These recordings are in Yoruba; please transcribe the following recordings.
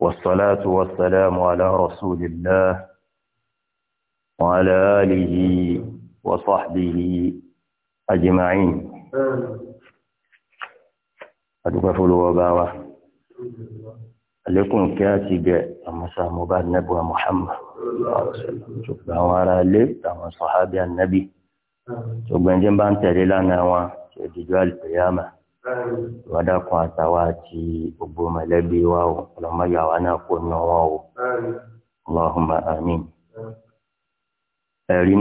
والصلاة والسلام على رسول الله وعلى آله وصحبه أجمعين أدوكفل وباوة عليكم كاتب أمسى مباد نبوة محمد صلى الله عليه وسلم شكرا وعلى الليل صحابي النبي شكرا جنبان تريلانا وشكرا جوال القيامة wadatawa ti ogo mlebi wa ọhụrụ ọlọmọ ya wani akpọ onye ọwọ ọhụrụ ma ọhụrụ ma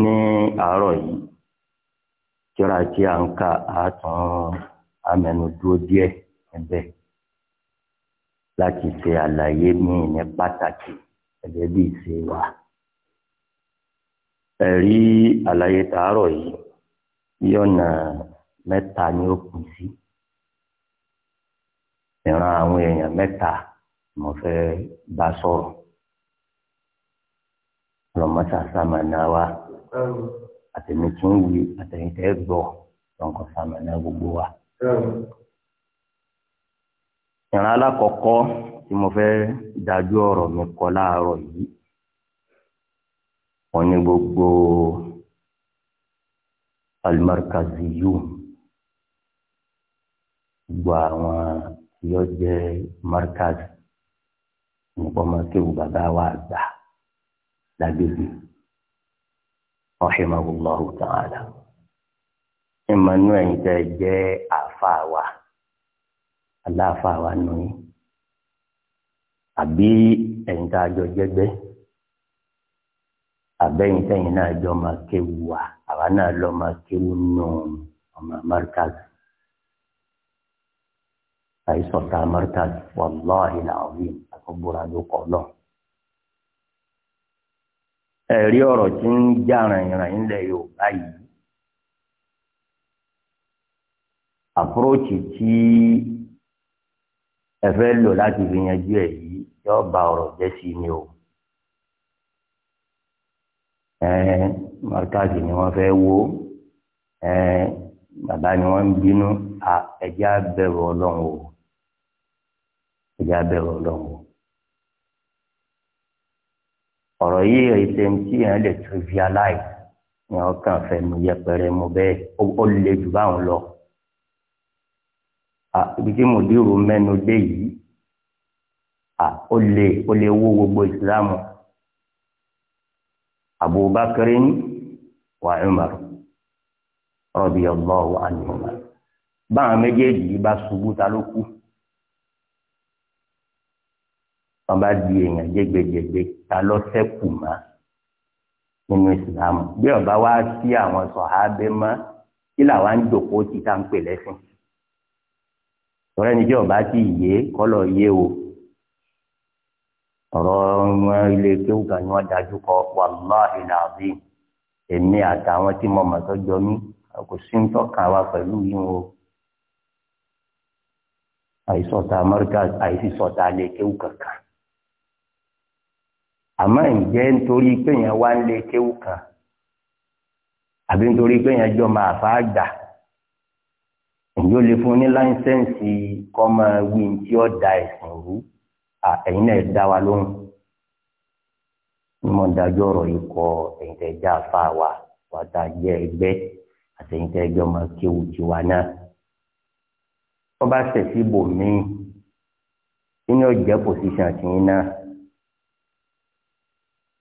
ni aarọ yi, chọrọ chi anka n ka amenu duo die ebe, lati se alaye mi nẹ pataki ebe bii fẹ wa. Eri alaye taarọ yi yọ na mẹta niok ìran àwọn èèyàn mẹ́ta mo fẹ́ bá sọ̀rọ̀ lọ́mọ́sá sàmánà wa àtẹ̀mí tún wí àtẹ̀yìn tẹ́ gbọ́ lọ́nkọ́ sàmánà gbogbo wa. ìran alákọ̀ọ́kọ́ tí mo fẹ́ dájú ọ̀rọ̀ mi kọ láàárọ̀ yìí wọ́n ní gbogbo almarkaziyun gbogbo àwọn yóò jẹ markaz nǹkan máa kéwù bàbá wa àgbà lágbègbè rahimahullahu ta'ala ìmọ̀nú ẹ̀yìn tẹ́ jẹ́ àfa wa nù yín àbí ẹ̀yìn tá a jọ jẹ́gbẹ́ àbẹ́yìn tẹ́yìn náà jọ máa kéwù wa àwa náà lọ máa kéwù nù ọmọ markaz. àìsàn tá a mọ́ríta wàláhì làwìn àkọ́gbóra ló kọ́ lọ. ẹ̀rí ọ̀rọ̀ tí ń já ràyìnràyìn lẹ̀ Yorùbá yìí àpúròtì tí ẹ fẹ́ lò láti fi yanjú ẹ̀ yìí yóò ba ọ̀rọ̀ jẹ́ sí ni o. mọ́ríkàsì ni wọ́n fẹ́ wo bàbá ni wọ́n ń bínú ẹjẹ́ abẹ́rù ọlọ́run o ìyá bẹ̀rù ọlọ́run ọ̀rọ̀ yìí ẹ̀sẹ̀ tí èèyàn lè trivialize ni wọ́n kàn fẹnu yẹpẹrẹ mu bẹ́ẹ̀ ó le jù báwọn lọ ibi tí mòdìrú mẹ́nu dé yìí ó lè ó lè wó gbogbo ìsìlámù Abubakar wa Umar radiyallahu anhuma báwọn méjèèjì bá ṣubú ta ló kù. wọn bá di èèyàn jẹgbẹjẹgbẹ ta lọ sẹkù mọ nínú ìsìlámù bí ọba wá sí àwọn sọhábẹ mọ kí làwa ń jòkó tí tá ń pè lẹsìn ọ̀rẹ́ ni tí ọba ti yé kọlọ yé o ọ̀rọ̀ wọn ilé kéwù kan ni wọn dájú kọ wàláhì làbí èmi àtàwọn tí mo mọ̀ tọjọ mi kò sí ń tọ́ka wa pẹ̀lú yín o àìsọta amẹríkà àìsísọta lè kéwù kankan àmọ́ ǹjẹ́ nítorí pé yẹn wá ń lé kéwù kan àbí nítorí pé yẹn jọ máa fà á gbà ǹjẹ́ ó lè fún ní láńsẹ́ǹsì kọ́ máa wí tí ó da ẹ̀sìn rú ẹ̀yin náà dá wa lóhùn mímọ́ dájọ́ ọ̀rọ̀ yìí kọ ẹ̀yin tẹ́ já fa wa wà tá jẹ́ ẹgbẹ́ àtẹ̀yin tẹ́ jọ máa kéwù tiwa náà wọ́n bá ṣẹ̀ sí ibòmíì nínú ọ̀jẹ́ pòsíṣàn tìyín náà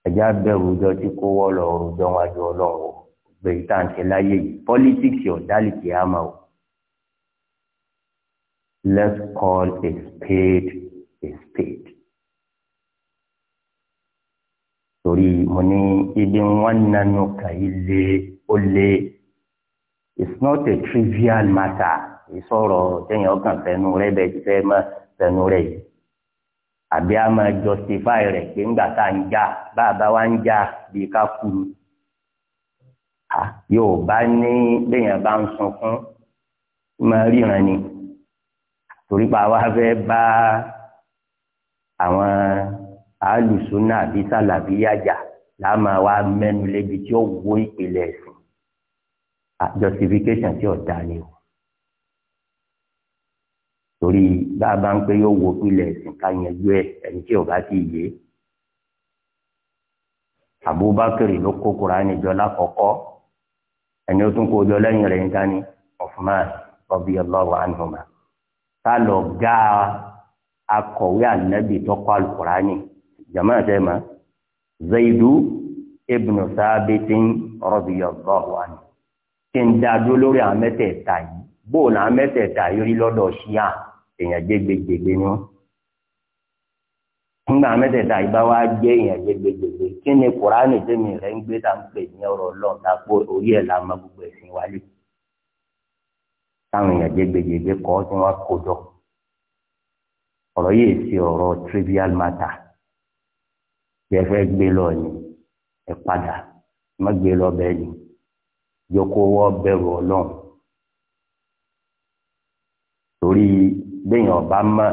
ẹjẹ abẹrù ọjọ́ tí kò wọ lọ ọrùjọ wájú Ọlọ́run gbé ìtàǹtẹ láyé yìí pọlítíkì ọdálìkì àmà o let's call a spade a spade. torí mo ní ibi wọn nánú kà í lé ó lé it's not a trivial matter ìsọ̀rọ̀ tẹ̀yìn ọkàn fẹnu rẹ bẹ́ẹ̀ ti fẹ́ máa fẹnu rẹ yìí àbí a máa justify rẹ̀ pé ńgbà tá à ń jà bá a bá wá ń jà bí ká kú ni. yóò bá ní béèyàn bá ń sunkún máa ríran ni torí pa wá fẹ́ bá àwọn alùsùnà àbí sàlàbíyàjà láàmà wá mẹ́nu lébi tí ó wo ìpìlẹ̀ ẹ̀sìn justification tí ò dá ni o. torí bá a bá ń pé yóò wo ẹ̀sìn ká yanjú ẹni tí ò bá ti yé Abubakar ló kó Kùránì jọ lákọ̀ọ́kọ́ ẹni ó tún kó jọ lẹ́yìn rẹ̀ níta ni ọbí radiyallahu anhuma tá lọ gá akọ̀wé ànábì tó ma Zaidu kí n dá dúró lórí yìí bóòlù yìí ṣíà èèyàn gbégbégbé ni wọn nígbà mẹ́tẹ̀ẹ̀ta ìbá wa jẹ́ èèyàn gbégbégbé kí ni kùránì tèmi rẹ̀ ń gbé tá ń pè ní ọ̀rọ̀ Ọlọ́run tá pé orí la gbogbo wálé táwọn èèyàn gbégbégbé kọ tí wọn kó jọ ọrọ yìí trivial matter bí ẹ gbé lọ ni ẹ padà má gbé lọ bẹ́yìn ọba mọ̀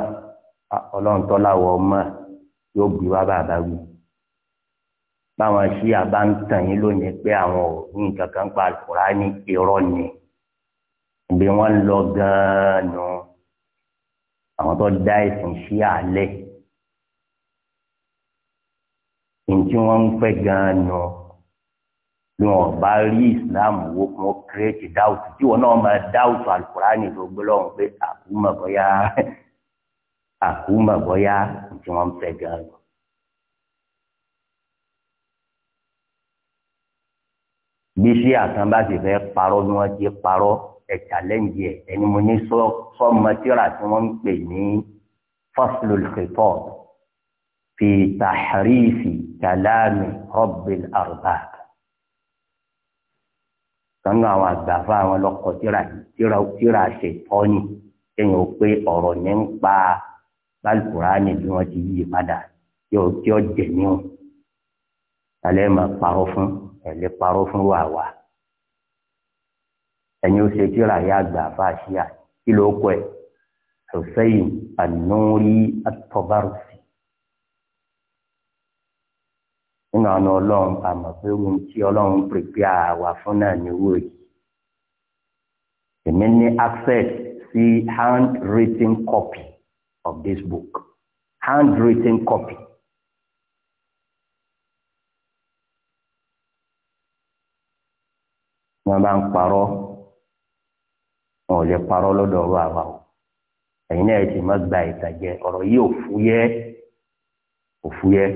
ọlọ́ntọ́ láwọ̀ ọmọ yóò bí wá bàbá wí. báwọn ṣí àbá ń tàn yín lónìí pé àwọn ò ní nǹkan pa àlùkùrá ní irọ́ ni ìgbé wọn lọ gan-an nù àwọn tó dá ẹ̀sìn sí àlẹ́ ìǹtí wọn ń fẹ́ gan-an nù. No bí wọn bá rí islam wo kó kírètì dáwùtù tí wọn náà máa dáwùtù alukurani tó gbé lọ́wọ́ pé àkúmọ̀ bọ́yá àkúmọ̀ bọ́yá tí wọ́n ń fẹ́ gan lọ. gbèsè àkàn bá sì fẹ́ parọ́ bí wọ́n ti parọ́ ẹ̀ challenge ẹ̀ ẹni mo ní sọ́mọtìrà tí wọ́n ń pè ní faslul fi tahrifi kalami rabbil arbaa sanu àwọn àgbàfà àwọn lọkọ tíra tíra tíra ṣe tọ́ni kéèyàn ó pé ọ̀rọ̀ ní ń pa alukurani bí wọ́n ti yí padà yóò tí ó jẹ̀mí o alẹ́ máa parọ́ fún ẹ̀lẹ́ parọ́ fún wà wá ẹ̀yin ó ṣe tíra yá àgbàfà ṣíà kí ló kọ ẹ̀ ṣòṣẹ́yìn ànúrí àtọ́bárùsì. nínú àna ọlọ́run àmọ́ pé ohun tí ọlọ́run pèpè àwà fún náà ní owó yìí èmi ní access sí written copy of this book Hand-written copy. wọ́n bá ń parọ́ wọn ò lè parọ́ lọ́dọ̀ ọ̀rọ̀ àwa o ẹ̀yin náà ti má gba ìtàjẹ ọ̀rọ̀ yìí ò fúyẹ́ ò fúyẹ́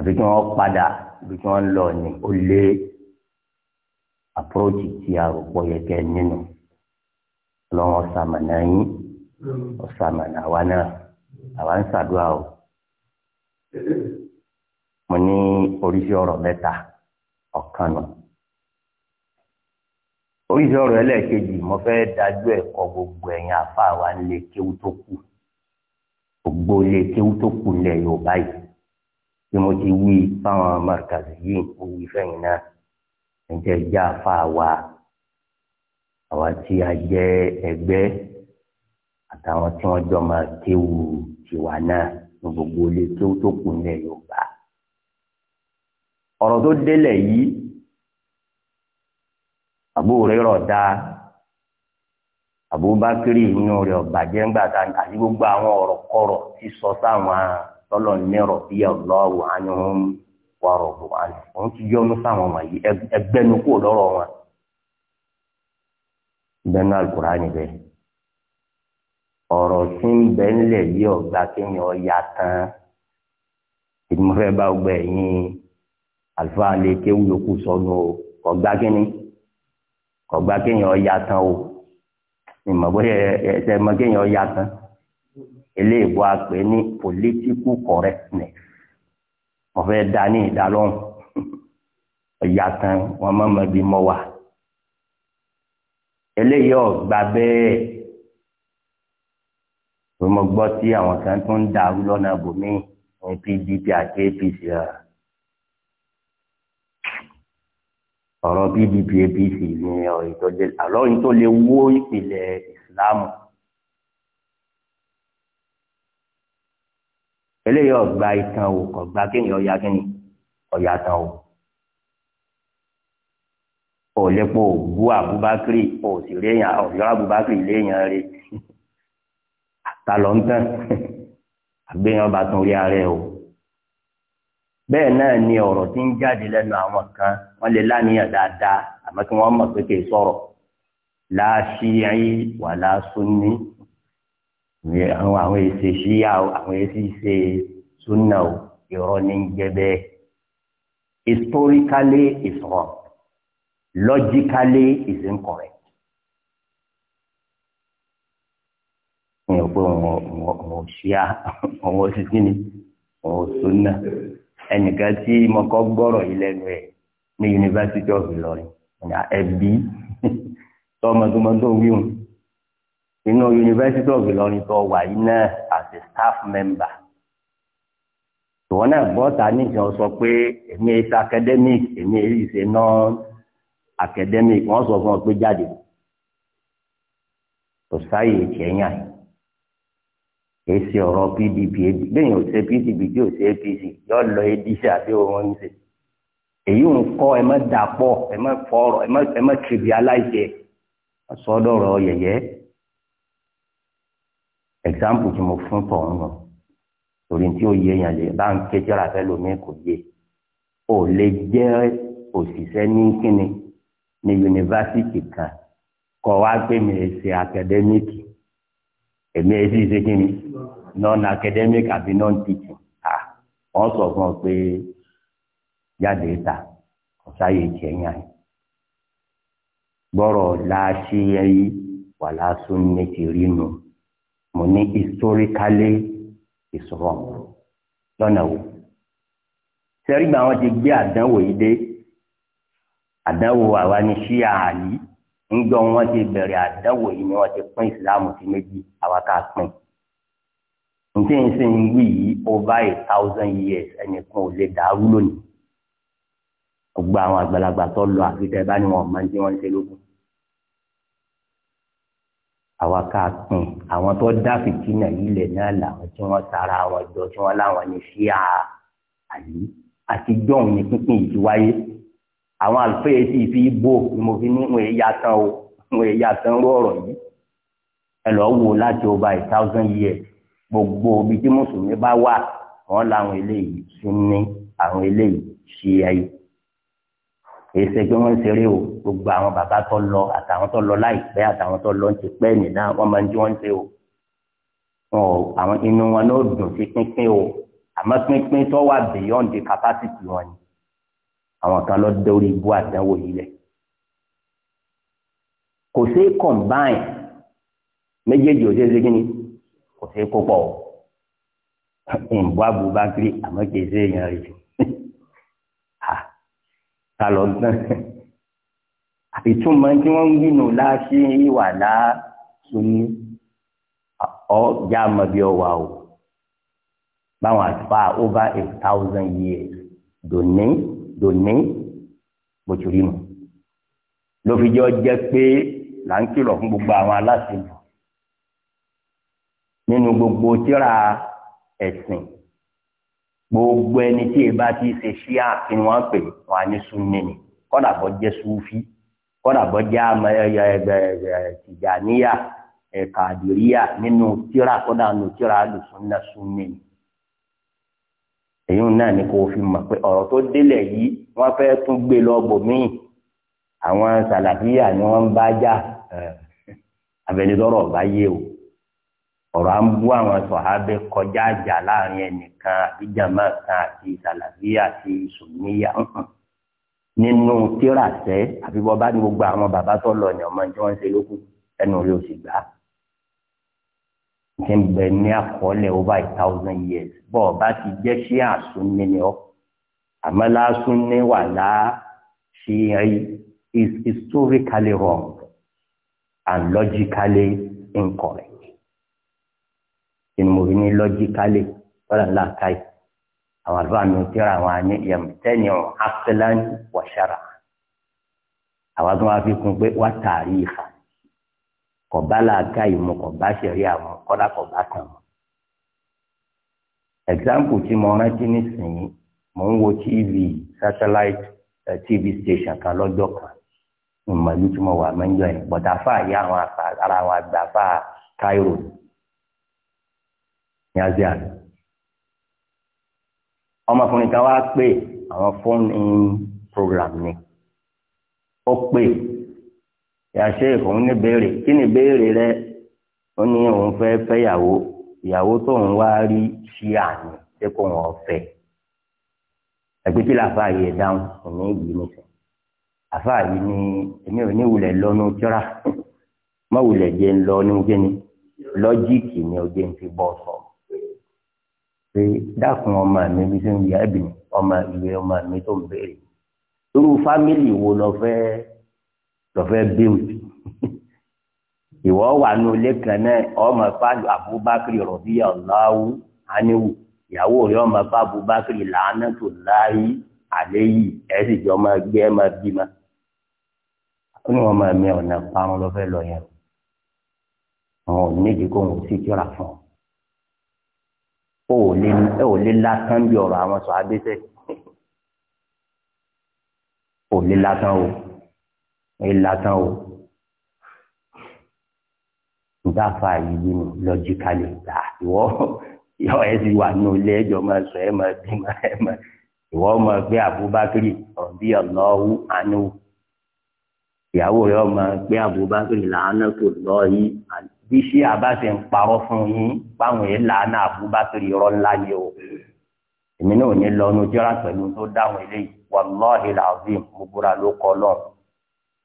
àfi kí wọ́n padà ibi tí wọ́n lọ ní ó lé àpúròtì tí àròpọ̀ yẹ kẹ́ nínú lọ́wọ́ sàmànà yín ọ̀sàmànà àwa náà àwa ń ṣàdúrà o mo ní oríṣi ọ̀rọ̀ mẹ́ta ọ̀kan nù oríṣi ọ̀rọ̀ ẹlẹ́ẹ̀kejì mo fẹ́ dájú ẹ̀kọ́ gbogbo ẹ̀yin àfa àwa ń lè kéwú tó kù gbogbo lè kéwú tó kù lẹ̀ Yorùbá yìí tí mo ti wí fáwọn márkàzì yìí mo wí fẹ́yìn náà ǹjẹ́ ìjà fa wa àwa tí a jẹ́ ẹgbẹ́ àtàwọn tí wọ́n jọ máa kéwu tiwa náà ní gbogbo ilé tó tó kù nílẹ̀ Yorùbá ọ̀rọ̀ tó délẹ̀ yìí àbúrò rẹ̀ rọ̀ dáa àbúbákírì inú rẹ̀ ọ̀bàjẹ́ ńgbà tá àti gbogbo àwọn ọ̀rọ̀ kọ̀rọ̀ sísọ sáwọn tọ́lọ̀ ní rọ̀bíyà lọ́wọ́ àníhùn wà rọ̀bù àná òun ti yọ́nú sáwọn wọ̀nyí ẹgbẹ́nu kú lọ́rọ̀ wọn. bẹ́ẹ̀ni alukura níbẹ̀ ọ̀rọ̀ tí ń bẹ ńlẹ̀ yí ọ̀gá kéèyàn ya tán ìdúmọ̀fẹ́ bá gbẹ yín àlùfáà lè kéwú yòókù sọnù ọ̀gbá kínní ọ̀gbá kéèyàn ya tán o ìmọ̀ bóyá ẹ̀ ẹ̀ ẹ̀ mọ̀ kéèyàn ya tán eléèbó àpè ní political correctness wọ́n fẹ́ da ní ìdálọ́hùn ọ̀yà kan wọ́n má mọ ibi mọ́ wa eléyìí ọ̀gbà bẹ́ẹ̀ tó mọ gbọ́ tí àwọn kan tó ń dàrú lọ́nà bòmí ní PDP àti APC ọ̀rọ̀ PDP APC ni ọ̀rọ̀ ìtọ́jú àlọ́ yìí tó lè wó ìpìlẹ̀ ìsìlámù. eléyìí ọgbà ìtàn o ọgbà kíni ọyà kíni ọyà tàn o ò lépo ògbú abubakari ò sì léyàn ọyọ abubakari léyàn rẹ àtàlọ ń tàn àgbéyàn bá tún rí ara o bẹ́ẹ̀ náà ni ọ̀rọ̀ tí ń jáde lẹ́nu àwọn kan wọ́n lè láníyàn dáadáa àmọ́ kí wọ́n mọ̀ pé kì í sọ̀rọ̀ láàṣìyàn wà láàṣúní ní àwọn àwọn èsì ṣíyà àwọn èsì ṣe súnà irọ́ ní jẹ́bẹ́ historically is wrong logically is incorrect. ní ọ̀pọ̀ wọn ṣíyà àwọn òṣìṣẹ́ ni wọn súnà ẹnìkan tí mo kọ́ gbọ́rọ̀ yìí lẹ́nu ẹ̀ ní University of Ilorin ẹbí tọmọtọmọ tó inú University of Ìlọrin tó wà yìí náà as a staff member ìwọ náà bọ́ta níjàn sọ pé èmi is academic èmi is a non academic wọ́n sọ fún ọ pé jáde kò sáyè ìtẹ̀yàn èsì ọ̀rọ̀ PDP lẹ́yìn ò ṣe PDP tí ò ṣe APC yóò lọ ADC àbí wọn ń ṣe èyí ń kọ́ ẹ má dàpọ̀ ẹ má fọ̀rọ̀ ẹ má trivialize ẹ sọ́dọ̀ ọ̀rọ̀ yẹ̀yẹ́ example tí mo fún tọ̀ ń lọ torí tí ó yé yàn lè bá ń ké tíra fẹ́ lómi kò yé o lè jẹ́ òṣìṣẹ́ ní kíni ní yunifásitì kan kọ́ wá pé mi lè ṣe akadẹ́míkì èmi ẹ sì ṣe kíni non academic àbí non teaching ah wọ́n sọ fún ọ pé jáde ta ọ̀sáyé tiẹ̀ yàn yìí gbọ́rọ̀ láṣìírí wàlásùn ní ti rí nu. No mo ní historically is wrong lọ́nà wo sẹ́rígbà wọn ti gbé àdánwò yìí dé àdánwò àwa ni ṣíà àlì ńjọ wọn ti bẹ̀rẹ̀ àdánwò yìí ni wọ́n ti pín ìsìláàmù sí méjì àwa ká pín nti n sin wí yìí over a thousand years ẹnìkan ò lè dàrú lónìí gbogbo àwọn àgbàlagbà tó lọ àfi tẹ máa ń tí wọn ń ṣe lógún àwa ká pin àwọn tó dá fìtínà yìí lẹ̀ náà làwọn tí wọ́n tara wọn jọ tí wọ́n láwọn ní ṣíà àlì àtijọ́ òun ní pínpín yìí ti wáyé àwọn àlùfẹ́yẹ sì fi bò ni mo fi ní wọn èyí atán o wọn èyí atán rú ọ̀rọ̀ yìí ẹ lọ́ọ́ wò láti over a thousand years gbogbo ibi tí mùsùlùmí bá wà wọ́n láwọn eléyìí sunni àwọn eléyìí ṣíà yìí kì pé wọ́n ń ṣeré o gbogbo àwọn bàbá tó lọ àtàwọn tó lọ láìpẹ́ àtàwọn tó lọ ń ti pẹ́ nìyá wọ́n máa ń jí wọ́n ṣe o àwọn inú wọn ló dùn sí pínpín o àmọ́ pínpín tó wà beyond the capacity wọn ni àwọn kan lọ dórí ibú àdánwò yìí lẹ̀ kò sí combine méjèèjì ò ṣeé ṣe kí ni kò sí kópọ̀ o ìbú àbúbá kiri àmọ́ kì í ṣe èèyàn rẹ̀ jù ta lọ gbọ́n ìtumọ̀ tí wọ́n ń gbìnà láṣẹ ìwà láṣùnú ọjà mọ̀bí ọwà o báwọn àtúfà over a thousand years dòní dòní bòtúrí mu ló fi jẹ́ ọjẹ́ pé là ń kìlọ̀ fún gbogbo àwọn aláṣẹ nínú gbogbo tíra ẹ̀sìn. E gbogbo ẹni tí ẹ bá ti ṣe ṣíà kí ni wọ́n pè wọ́n á ní súnni ni kọ́dà bọ́ jẹ́ súfí kọ́dà bọ́ jẹ́ tìjàníyà kàdìríyà nínú tíra kọ́dà nù tíra lùsùnà súnni ni. èyí náà ni kò fi mọ̀ pé ọ̀rọ̀ tó délẹ̀ yìí wọ́n fẹ́ tún gbé lọ bòmíì àwọn sàlàfíà ni wọ́n bá já abẹnidọ́rọ̀ bá yé o ọ̀rọ̀ à ń bú àwọn sọ̀hábẹ́ kọjá àjà láàrin ẹnìkan àti jàmá kan àti sàlàbí àti sùnmíyà hàn nínú tírasẹ́ àfi bọ́ bá ní gbogbo àwọn bàbá tó lọ ní ọmọ tí wọ́n ṣe lókù ẹnu rí o sì gbà á. ti ń bẹ ní àkọọ́lẹ̀ over a thousand years bọ́ ọ bá ti jẹ́ sí àsúnni ni ọ́ àmọ́ lásúnni wà lá ṣe is historically wrong and logically incorrect ní lọ́jíkálì wọ́n là káyì àwọn àlùfáà mi tíra àwọn àní yẹmùtẹ́ni akílan wàṣàrà àwọn tó máa fi kún pé wà tààrí ìfà kọ̀bá làákàyè mu kọ̀bá ṣẹ̀rí àwọn kọ́dà kọ̀bá kan mu ẹ̀gbáǹpù tí mo rántí nísìnyí mo ń wo tv satellite uh, eh, tv station kan lọ́jọ́ kan ìmọ̀lú tí mo wà mẹ́jọ yẹn bọ̀dáfà yá àwọn ara àwọn àgbàfà Cairo ní Asia ọmọkùnrin kan wá pè àwọn fóònù program ni ó pè yàṣẹ òun ní béèrè kí ni béèrè rẹ ó ní òun fẹ́ fẹ́yàwó ìyàwó tóun wá rí ṣíà ni ṣé kò wọ́n fẹ́ ẹgbẹ́ tí làáfà yẹ dáhùn òun ní ìgbìmọ̀ àfà yìí ni èmi ò ní wulẹ̀ lọ́nu tíra mọ́ wulẹ̀ jẹ́ ń lọ ní kíni lọ́jíìkì ni ó jẹ́ ń fi bọ́ sọ̀rọ̀ pé dákun ọmọ mi bí sẹ́yìn ìyá ẹ̀bìnrin ọmọ ìwé ọmọ mi tó ń béèrè irú fámìlì wo lọ fẹ́ lọ fẹ́ bíwì ìwọ wà nù ilé kan náà ọmọ fáàlù Abubakar rọbíyà ọláwù aníwù ìyàwó rẹ ọmọ fáàlù Abubakar làánà tó láàyè àlẹ́ yìí ẹ sì jọ máa gbé ẹ máa bímọ ó ní wọn máa mi ọ̀nà parun lọ fẹ́ lọ yẹn wọn ò nídìí kó sì jọra fún ọ ó ò lè ẹ ò lè lásán bí ọ̀rọ̀ àwọn sọ abẹ́sẹ̀ ò lè lásán o ẹ lásán o ìdáfà yìí nù lọ́jíkálì gbà ìwọ yọ ẹ sì wà ní ilé ẹjọ́ máa sọ ẹ máa bí máa ẹ máa ìwọ máa gbé Abubakari ọbí ọlọ́wù àánú ìyàwó rẹ máa gbé Abubakari làánà tó lọ yìí àánú bí ṣé àbáṣe ń parọ́ fún yín báwọn yìí làánà Abubakar irọ́ ńlá ni o èmi náà ò ní lọ ní ojúra pẹ̀lú tó dáhùn eléyìí wàláhì làzim mo búra ló kọ́ lọ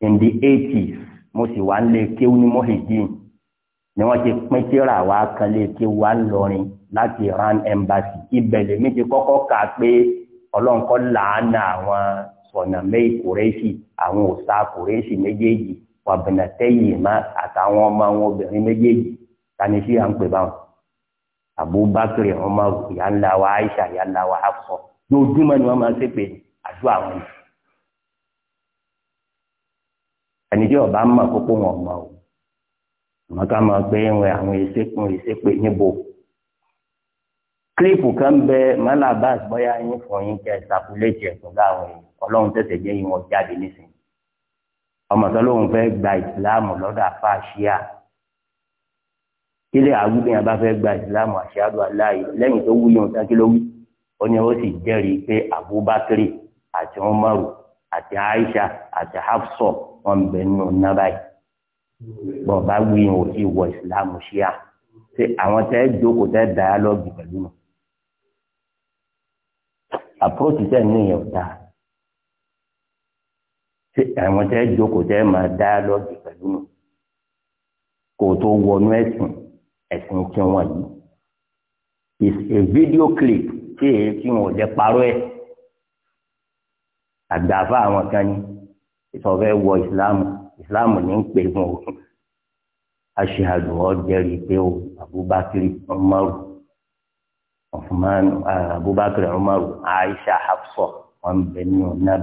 in the eighties mo sì wá ń lé kéwú ní mohidin ni wọ́n ti pín tíra wá kan lé kéwú wá ńlọrin láti iran embassy ibẹ̀ lèmi ti kọ́kọ́ kà pé ọlọ́nkọ́ làánà àwọn sọ̀nà mẹ́ì àwọn òòṣà kùrẹ́sì méjèèjì wàbìnàtẹ́yì má àtàwọn ọmọ àwọn obìnrin méjèèjì tani sí à ń pè báwọn Abubakar ọmọ ìyá ńlá wa Aisha ìyá ńlá wa Hafsa lójúmọ́ ni wọ́n máa ń ṣépè àdó àwọn yìí ẹni tí ọba mọ̀ kókó wọn mọ̀ o àmọ́ ká máa pé ń wẹ àwọn ìṣépin ìṣépè níbo kílípù kan bẹ malabas bóyá yín fún kẹ ṣàkúlẹ̀ jẹ̀ fún láwọn ọlọ́run tẹ̀sẹ̀ jẹ́ yín wọn jáde nísìnyí ọmọ tó lóun fẹ́ gba ìsìláàmù lọ́dọ̀ àfa àṣìá kílẹ̀ àwùjọ bá fẹ́ gba ìsìláàmù àṣìádù aláì lẹ́yìn tó wúlò ń tán kí ló wí ó ní ó sì jẹ́rìí pé Abubakari àti Umaru àti Aisha àti Hafsọ wọn bẹ nínú nábàáyì bọba wíyìn ò sí wọ ìsìláàmù ṣíà ṣé àwọn tẹ ẹ jókòó tẹ dàálọ́gì pẹ̀lú mi àpòròtì tẹ̀ ní ìyẹn ò dáa àwọn tẹ́ jókòó tẹ́ máa dáálọ́gì pẹ̀lú nù kò tó wọnú ẹ̀sìn ẹ̀sìn tí wọ́n yìí is a video clip tí èyí tí wọn ò jẹ́ parọ́ ẹ̀ àgbàfà àwọn kan ní ìsọfẹ́ wọ ìsìláàmù ìsìláàmù ní ń pè fún o aṣèhàdù ọ̀jẹ̀rì pé o Abubakar Umaru Uthman Abubakar Umaru Aisha Hafsa wọn bẹ nínú náà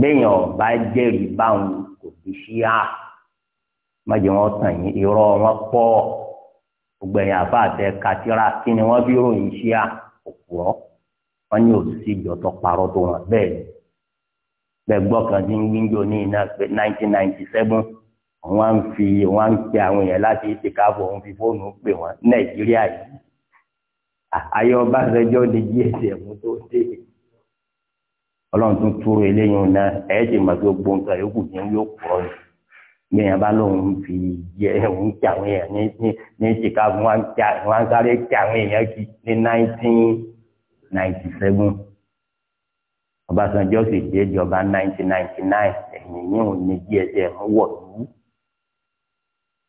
bẹ́yìn ọba jẹ́rìí báwọn kò fi ṣíà májè wọn tàn yín irọ́ wọn pọ̀ gbogbo ẹ̀yìn àbá àtẹ katira kí ni wọ́n fi ròyìn ṣíà òpùrọ́ wọ́n ní òṣìṣẹ́ ìjọ́tọ̀ parọ́ tó wọn bẹ́ẹ̀ bẹ́ẹ̀ gbọ́ kan tí ń gbígbó ní iná pé nineteen wọ́n fi wọ́n á ń pe àwọn èèyàn láti ìtìkáfọ̀ òun fi fóònù pè wọ́n nàìjíríà yìí ayé ọba àtẹjọ́ ni gsm tó dé ọlọ́run tún túrò eléyìí náà ẹ̀ ti mọ̀ pé gbogbo nǹkan yòókù ní yóò pọ̀ ní gbìyànjú bá lóun fi yẹ òun ti àwọn èèyàn ní ní ní ìṣèkà wọn sáré ti àwọn èèyàn kí ní nineteen ninety seven Ọbásanjọ́ sì dé ìjọba nineteen ninety nine ẹ̀yìn yìí òun ní DSM wọ̀ lù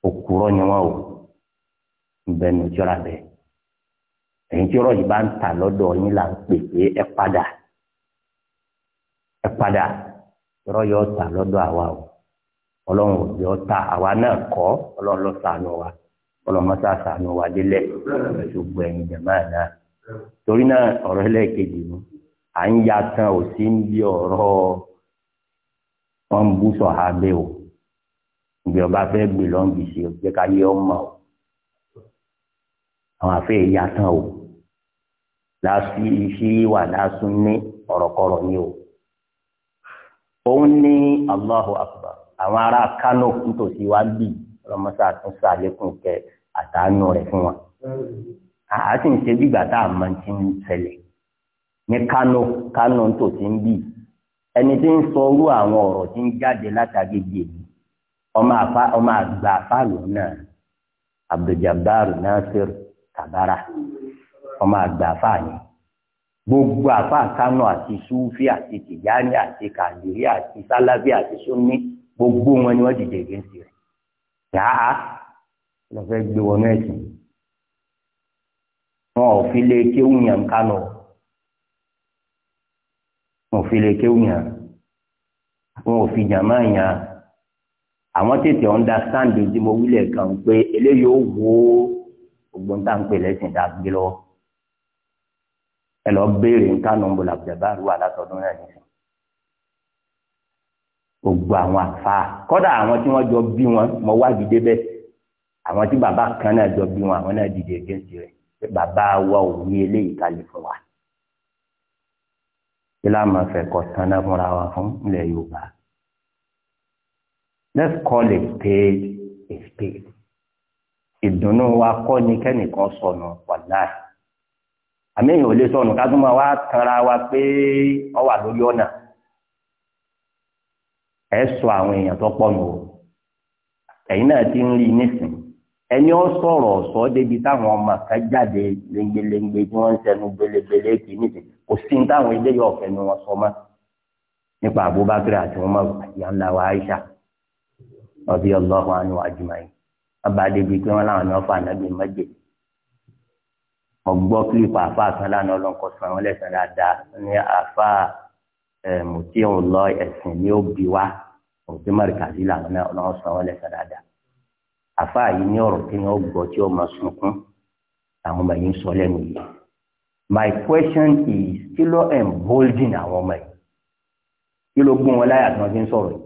òkúrọ́ ni wọ́n o ìbẹ̀nu ìṣọ́ra bẹ́ẹ̀ ẹ̀yìn tí ọ̀rọ̀ yìí bá ń tà lọ́dọ̀ yín là ń pè pé ẹ padà ẹ padà yọrọ yọ ta lọ́dọ̀ àwa o Ọlọ́run ò yọ ta àwa náà kọ Ọlọ́run lọ sànù wa Ọlọ́run mọ sáà sànù wa délẹ ṣùgbọ́n ẹ̀yin jẹmọ àná torí náà ọ̀rọ̀ ẹlẹ́ẹ̀kejì ni à ń ya tan ò sí ń bí ọ̀rọ̀ wọn bú sọha bẹ o ìjọba fẹẹ gbé lọǹgì sí jẹ ká yẹ ọmọ o àwọn àfẹ ya tan o láti iṣẹ́ wà lásùn ní ọ̀rọ̀kọ̀rọ̀ ni o. òun ní Allahu Akbar àwọn ará Kano nítòsí wa bì ọlọmọsá tún sàlékún kẹ àtàánú rẹ fún wa àá sì ń ṣe bígbà tá a Kano Kano nítòsí ń eniti ẹni tí ń sọ orú àwọn ọ̀rọ̀ tí ń jáde látàgége yìí ọmọ ọmọ Kabara ọmọ àgbà gbogbo àfa àkànú àti sufi àti tìjáni àti kàdìrí àti sálábí àti sunni gbogbo wọn ni wọn dìde gẹ̀ẹ́sì rẹ̀ yàá lọ fẹ́ gbé wọnú ẹ̀sìn wọn ò fi lè kéwù yàn kánò wọn ò fi lè kéwù yàn wọn ò fi jàmá yàn àwọn tètè understand ojú wílẹ̀ kan pé eléyìí ó wo ògbóǹtàǹpẹ̀ lẹ́sìn dàgbé lọ́wọ́ ẹ lọ béèrè nkánu ń bọ̀ làbùjàbáàrú wà látọ̀dún náà nìyẹn gbogbo àwọn àfa kọ́dà àwọn tí wọ́n jọ bí wọn mọ wádìí débẹ̀ àwọn tí bàbá kan náà jọ bí wọn àwọn náà dìde gẹ̀ẹ́sì rẹ̀ pé bàbá wa ò ní eléyìí kalẹ̀ fún wa kí láà máa fẹ́ kọ́ sanná fúnra wa fún ilẹ̀ Yorùbá let's call a spade a spade ìdùnnú wa kọ́ ni kẹ́nìkan sọnù wàláì. àmẹ́yìn ò lè sọnù ká tún máa wá wa pé ọ wà lórí ọ̀nà ẹ sọ àwọn èèyàn tó pọ̀ nù o ẹ̀yin náà ti ń rí i nísìn ẹni ó sọ̀rọ̀ sọ débi táwọn ọmọ kan jáde lẹ́ngbẹ̀lẹ́ngbẹ tí wọ́n ń sẹnu gbẹlẹgbẹlẹ kì í kò sí ní táwọn sọ mọ́ nípa Abubakar àti wọn ọgbọ́ kílípù àfa àkànlá náà ọlọ́nkọ sọ àwọn ẹlẹ́sìn dáadáa ní àfa mùtí òun lọ ẹ̀sìn ní òbí wa òbí mọ̀rìkàdí làwọn náà sọ àwọn ẹlẹ́sìn dáadáa àfa yìí ní ọ̀rọ̀ tí wọ́n gbọ́ tí wọ́n máa sunkún àwọn ọmọ yìí ń sọ lẹ́nu yìí my question is kí ló embolden àwọn ọmọ yìí kí ló gbọ́n wọn láyà tí wọ́n fi ń sọ̀rọ̀ yìí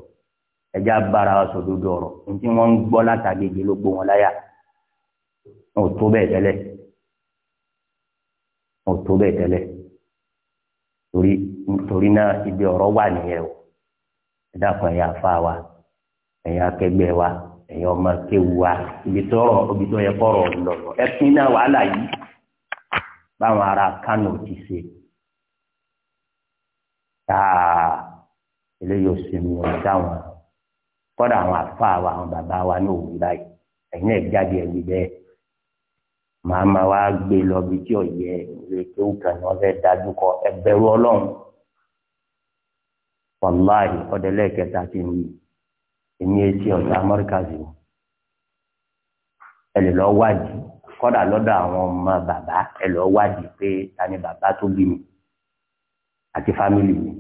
ẹ̀já bára wa sọ dodo ọ̀rọ̀ ní tí wọ́n ń gbọ́ látàgége ló wọn láyà wọn ò tó bẹ́ẹ̀ tẹ́lẹ̀ ọ̀tó bẹ́ẹ̀ tẹ́lẹ̀ torí náà ibi ọ̀rọ̀ wà nìyẹn o ẹ dákun ẹ̀yà afá wa ẹ̀yà akẹgbẹ́ wa ẹ̀yà ọmọ kéwu wa ibi tọrọ ibi yẹ kọrọ lọrọ náà wàhálà yìí báwọn ará Kánò ti ṣe táà eléyìí màá ma wá gbé lọ bí tí ọ̀yẹ́ ilé tó kàn ní wọ́n fẹ́ dájú kọ ẹgbẹ̀rún ọlọ́run wàláì ọ̀dẹ́lẹ́kẹta ti ń yìí èmi etí ọ̀dà amẹ́ríkà sí i ẹ lè lọ wádìí kọ́dà lọ́dọ̀ àwọn ọmọ bàbá ẹ lọ wádìí pé ta ni bàbá tó bí mi àti fámìlì mi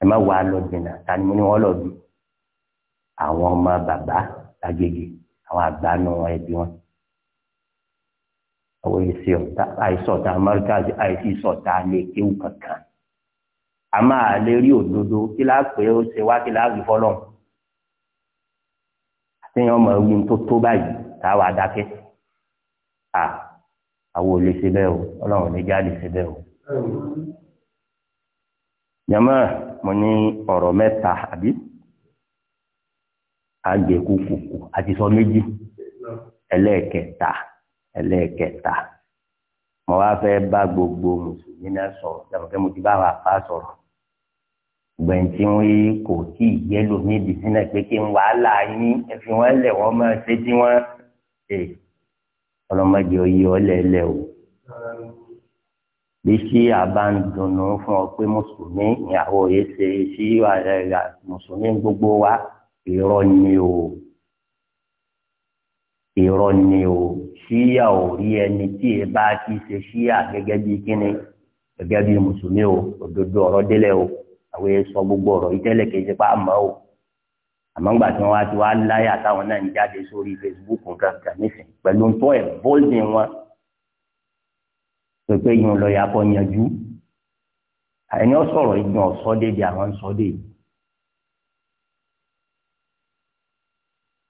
ẹ má wàá lọ dènà ta ni mo ní wọ́n lọ bí àwọn ọmọ bàbá lágbègbè àwọn àgbàánu ẹbí wọn àwọn èsì ọ̀tá àìsọ̀tá amárúkáàzì àìsí sọ̀tá lè kéwù kankan a máa lè rí òdodo kí láà pé ó ṣe wá kí láà rí fọlọ́ àtẹ̀yìn ọmọ ewu tó tó báyìí táwa dákẹ́ à àwọn ò lè ṣe bẹ́ẹ̀ o ọlọ́run lè jáde ṣe bẹ́ẹ̀ o. yàmọ́ mo ní ọ̀rọ̀ mẹ́ta àbí àgbẹ̀kùkùkù àti sọ méjì ẹlẹ́ẹ̀kẹta ẹlẹ́ẹ̀kẹta mo wá fẹ́ bá gbogbo mùsùlùmí náà sọ̀rọ̀ jàmọ̀kẹ́ mo ti bá wa pa sọ̀rọ̀ gbẹ̀ǹtì wọn yìí kò tí ì yẹ lómi ìdí sínú pé kí n wàhálà yín ẹ fi wọn lẹ̀ wọ́n máa ṣe tí wọ́n ṣe ọlọ́mọdé oyè ọlẹ́ẹ̀lẹ́ o bí sí àbá ń dunnú fún ọ pé mùsùlùmí ìyàwó yìí ṣe sí mùsùlùmí gbogbo wa irọ́ ni o irọ́ ni o ṣíyà ò rí ẹni tí ẹ bá ti ṣe ṣíyà gẹ́gẹ́ bí kíni gẹ́gẹ́ bí mùsùlùmí o òdodo ọ̀rọ̀ délẹ̀ o àwọn èso gbogbo ọ̀rọ̀ yìí tẹ́lẹ̀ kejì pa àmọ́ o àmọ́ ńgbà tí wọ́n wá ti wá láyà táwọn náà ń jáde sórí Facebook nǹkan kan nísìnyí pẹ̀lú ń tọ́ ẹ̀ bóldin wọn pépé yìí ń lọ yà kọ́ yanjú ẹni ọ sọ̀rọ̀ igun ọ̀sọ́dé di àwọn sọ́dé yìí.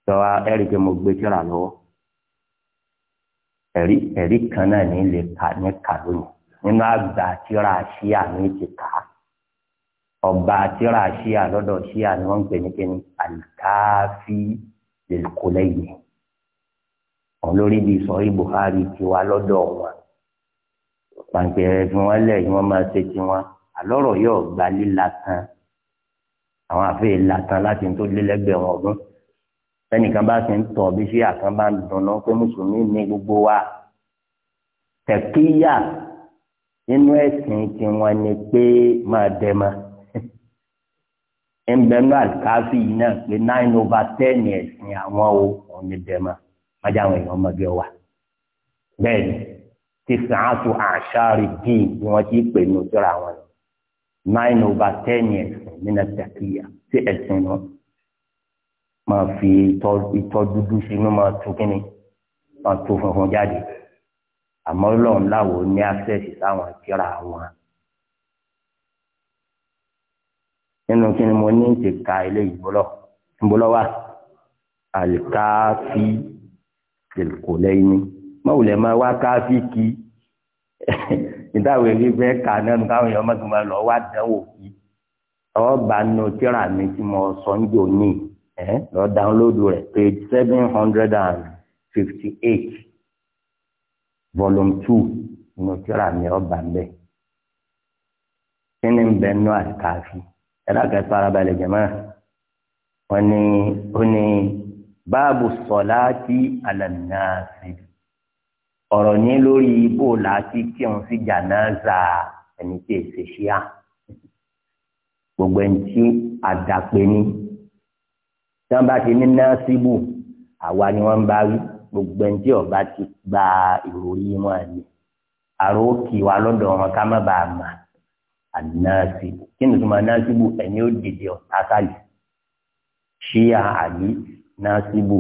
sọ wa ẹ̀rì pé mo gbé tíra lọ́wọ́ ẹ̀rí ẹ̀rí kan náà ní lè kà ní kà lónìí nínú àgbà tíra ṣíà ní ti kà á ọba tíra ṣíà lọ́dọ̀ ṣíà ni wọ́n ń pè ní kíni àlìkáfí lèkólẹ́yìn òun lórí bíi sọ rí Buhari tiwa lọ́dọ̀ wọn pàǹpẹ̀rẹ̀ fi wọ́n lẹ̀ kí wọ́n máa ṣe tiwọn àlọ́rọ̀ yóò gba líla tán àwọn àfẹ́ ìlà tán láti tó lélẹ́gbẹ̀ẹ́ wọn ọdún fẹ́nìkan bá ti ń tọ̀ bí ṣé àkàn bá ń dùnà pé mùsùlùmí ní gbogbo wa tẹ̀kíyà nínú ẹ̀sìn tiwọn ni pé máa dẹ̀ ma ẹnbẹ́nu àlùkáfì yìí náà pé nine over ten ẹ̀sìn àwọn o òun ni dẹ̀ ma májà àwọn èèyàn ọmọge wa bẹ́ẹ̀ ni ti sàásù àṣàrí díì bí wọ́n ti pè ní ojúra wọn nine over ten ẹ̀sìn nínú tẹ̀kíyà sí ẹ̀sìn náà máa fi ìtọ́ dúdú sínú máa tún kínní máa tún funfun jáde àmọ́ lọ́run láwo ní àṣẹ́sì sáwọn kíra wọn. nínú kí ni mo ní ti ka ilé ìgbọ́lọ̀ ìgbọ́lọ̀ wa àlìkáfí kò lẹ́yìn mọ́wùlẹ̀ máa wá káfí kí ìdáwọ̀ èyí fẹ́ kà nínú káwọn èèyàn mọ́tò máa lọ wá dánwò kí ọba nù tíra mi tí mo sọ ń jò níyì ẹ lọ dáńlódù rẹ̀ page seven hundred and fifty eight volume two inú tíra mi ọba ń bẹ kí ni ń bẹ nú àkáàfin ẹ dákẹ́ farabalẹ̀ jẹ̀mọ́ wọn ni ó ní báàbù sọ̀lá tí àlànà sí ọ̀rọ̀ ní lórí ibò láti kírun sí jànáza ẹni tí èsì ṣíà gbogbo ẹni tí àdàpé ní tí wọ́n bá ti ní násìbù àwa ni wọ́n bá rí gbogbo ẹni tí ọba ti gba ìròyìn wọn àlè àrò òkè wa lọ́dọ̀ wọn ká má bàa mà ànásìbù kí ni tuma násìbù ẹni ó dìde ọ̀tá sálẹ̀ ṣíà àlè násìbù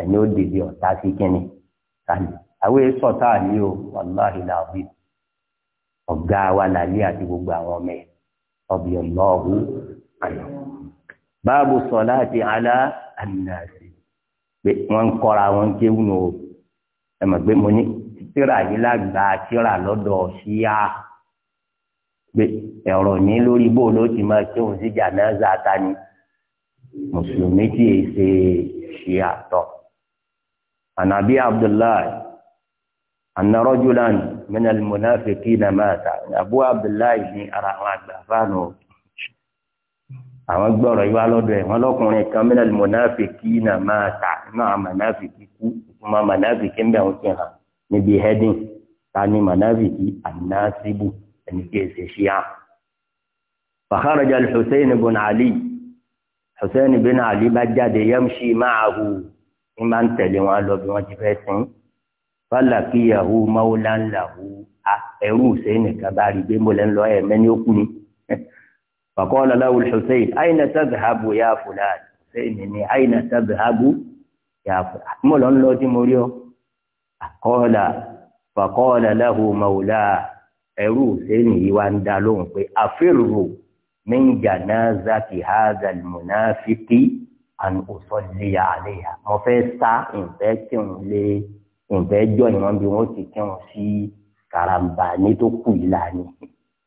ẹni ó dìde ọ̀tá sí kínní sálẹ̀ àwọn èso ọ̀tá àlè o wàláhì làbí ọ̀gá wa làlẹ́ àti gbogbo àwọn ọmọ ẹ̀ ọ̀bì ọ̀lọ́ọ̀hún àyọ̀ báàbù sọláàtì alá àmìnàṣì pé wọn ń kọra wọn kéwù nù o ẹ mọ̀ pé mo ní tíra yìí lágbà tíra lọ́dọ̀ ṣíyá pé ẹ̀rọ ní lórí bó ló ti máa kéwù sí jànáza ta ni mùsùlùmí tí ṣe ṣíyá tọ̀ ànàbí abdullahi anna rajulan min al mata abu abdullahi ní ara àwọn àgbà fáànù àwọn gbọ́rọ̀ yìí wá lọ́dọ̀ ẹ̀ wọ́n lọ́kùnrin kan mìíràn mọ̀nàfìkì náà máa tà náà mọ̀nàfìkì kú ìtumọ̀ mọ̀nàfìkì ń bẹ̀ wọ́n ti hàn níbi heading ta ni mọ̀nàfìkì ànásíbù ẹni kí èsì ṣíà. fàkàrọ̀jà hussein bin ali hussein bin ali bá jáde yamshi máàhù ní máa ń tẹ̀lé wọn lọ bí wọ́n ti fẹ́ sìn. fàlàkìyàhù mawlan lahu ẹrú hussein kan bá ẹ̀mẹ́ni ó kú ni. فقال له الحسين أين تذهب يا فلان حسين ni أين تذهب يا فلان mo lọ ń lọ tí mo rí ọ قال فقال له مولاه ẹrú Hussein yìí wá ń dá lóhùn pé àfẹ́rù min janazati hadha al-munafiqi an usalli alayha mo fẹ́ sá ìfẹ́ kí n lè ìfẹ́ jọ ìwọ̀n bí wọ́n ti kí n sí karambani tó kù yìí lánìí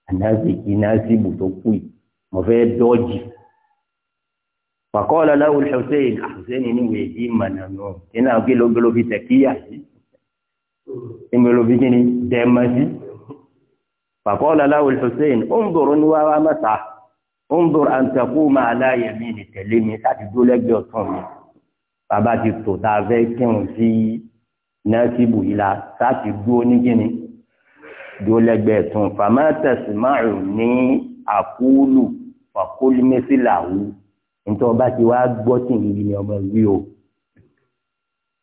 anásìkí násìbù tó kù yìí mo fẹ́ dọ́ọ̀jì fàkọ́ọ̀lá láwùl Hussein Hussein níwèé yìí mànà nù nínú àwọn gbélógbéló fi tẹ̀kíyà sí gbélógbéló fi kíni dẹ́ẹ̀mà sí fàkọ́ọ̀lá láwùl Hussein ó ń bọ̀rọ̀ ní wàá wá mẹ́ta ó ń bọ̀rọ̀ àǹtakú máa láàyè mí ní tẹ̀lé mi láti dúró lẹ́gbẹ̀ẹ́ ọ̀tún mi bàbá ti tò tá a fẹ́ kírun sí násìbù yìí la láti dúró ní kíni dúró lẹ́gbẹ̀ẹ́ tún fàmátẹ̀sì márùn-ún ní àkúlù fàkólí mẹ́fìlà wù nítorí ọba ti wá gbọ́ tí ń wí ni ọmọ wí o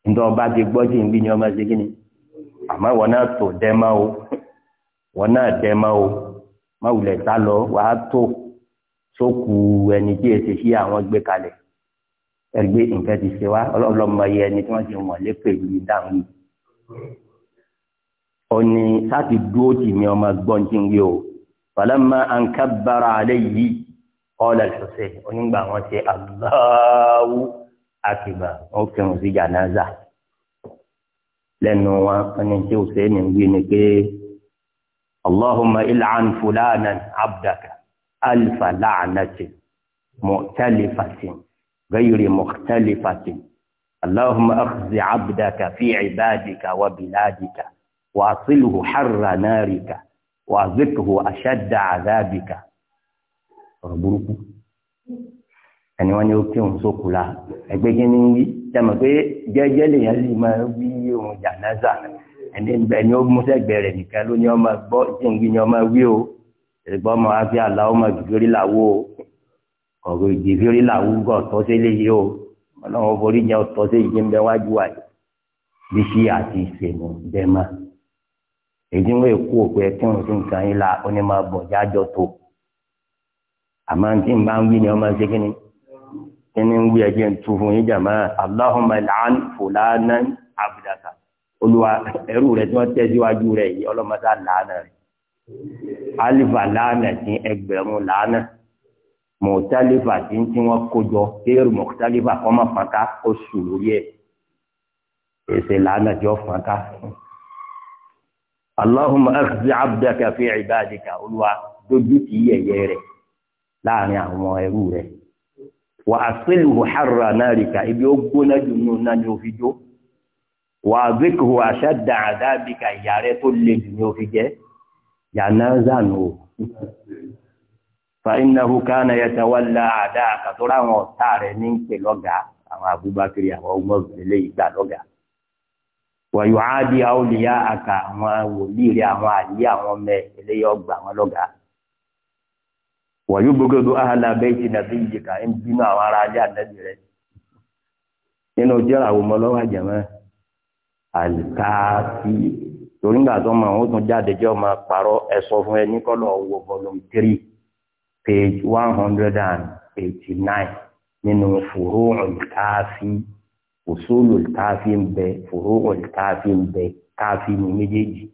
nítorí ọba ti gbọ́ tí ń wí ni ọmọ ṣe ni àmọ́ wọn náà tó dẹ́mọ́ o wọn náà dẹ́mọ́ o má wulẹ̀ sá lọ wàá tó sókù ẹni tí èsì sí àwọn gbé kalẹ̀ ẹgbẹ́ nǹkan ti ṣe wá ọlọ́mọ yẹ ẹni tí wọ́n ti wọ̀n lépè yìí dáhùn yìí òní dúró tì mí ọmọ gbọ́n tí ń wí o falamma an kabbara alayhi kọ́lá ṣọṣẹ́ onígbà wọn ṣe Allahu akbar wọn kírun sí jànáza lẹ́nu wọn ẹni tí Hùsẹ́ẹ̀nì ń wí ni pé Allahumma il'an fulanan abdaka alfa la'natin mu'talifatin ghayri mu'talifatin Allahumma akhzi abdaka fi ibadika wa biladika واصله حر نارك واذقه أشد عذابك ọ̀rọ̀ burúkú ẹni wọn ni ó kí òun sókù la ẹgbẹ́ kíní ń yí jẹ́mọ̀ pé jẹ́jẹ́ lèèyàn lè máa wí òun jànáza ẹni ẹni ó mú sẹ́gbẹ̀ẹ́ rẹ̀ nìkan ló ní ọmọ gbọ́ tí ń wí ní ọmọ wí o ẹ̀gbọ́n ọmọ afi àlá ọmọ gìgírí làwọ o ọ̀rọ̀ ìgìgírí làwọ gọ̀ tọ́ sí eléyìí o ọlọ́run forí jẹ́ ọ̀tọ́ sí ìdí ń bẹ wájú wa bí sí àti ìṣèlú bẹ́ẹ̀ máa èyí ni wọ́n èkó òpin ẹ̀kí àmọ́ tí n bá ń wí ni ọmọ ṣe kí ni kí ni ń wí ẹjẹ́ Allahumma la'an olúwa ẹrú rẹ tí wọ́n tẹ̀síwájú rẹ yìí ọlọ́mọdé làánà rẹ alifa làánà tí ẹgbẹ̀rún làánà mọ̀tálífà tí tí wọ́n kójọ kéèrú mọ̀tálífà kọ́ máa fọ́nká ó sùn lórí ẹ̀ èsè jọ fi ibadika láàrin àwọn ẹrú rẹ̀ wà á sílù hàrà náà rìkà ibi ó gbóná jù nù náà ni ó fi jó wà á bíkù àṣàdà àdábìkà ìyá rẹ tó le jù ni ó fi jẹ yànnà zànù o fa innahu kana yatawalla àdáàkà tó ráwọn ọ̀tá rẹ̀ ní pè lọ́gàá àwọn abúbákiri àwọn ọmọ ìrẹ̀lẹ̀ ìgbà lọ́gàá wàyọ̀ áàdì àwòlíyá àkà àwọn wòlíì rẹ̀ àwọn àlíyá àwọn ọmọ eléyọ̀ gbà wọn lọ́gàá wàyú gbogbo ahàlà bẹ́ẹ̀tì nàbí ìjìká ń bínú àwọn ará ajá ànábì rẹ̀ nínú jẹ́rà àwọn ọmọlọ́wọ́ àjẹmọ́ àlìkáàfì torí ńgbà tó máa ń tún jáde jẹ́ ọmọ parọ́ ẹ̀sọ́ fún ẹni kọ́lọ̀ wọ volume three page one hundred and eighty nine nínú fòró ọ̀lìkáàfì òṣòlù ọ̀lìkáàfì ń bẹ fòró ọ̀lìkáàfì ń bẹ káàfì ní méjèèjì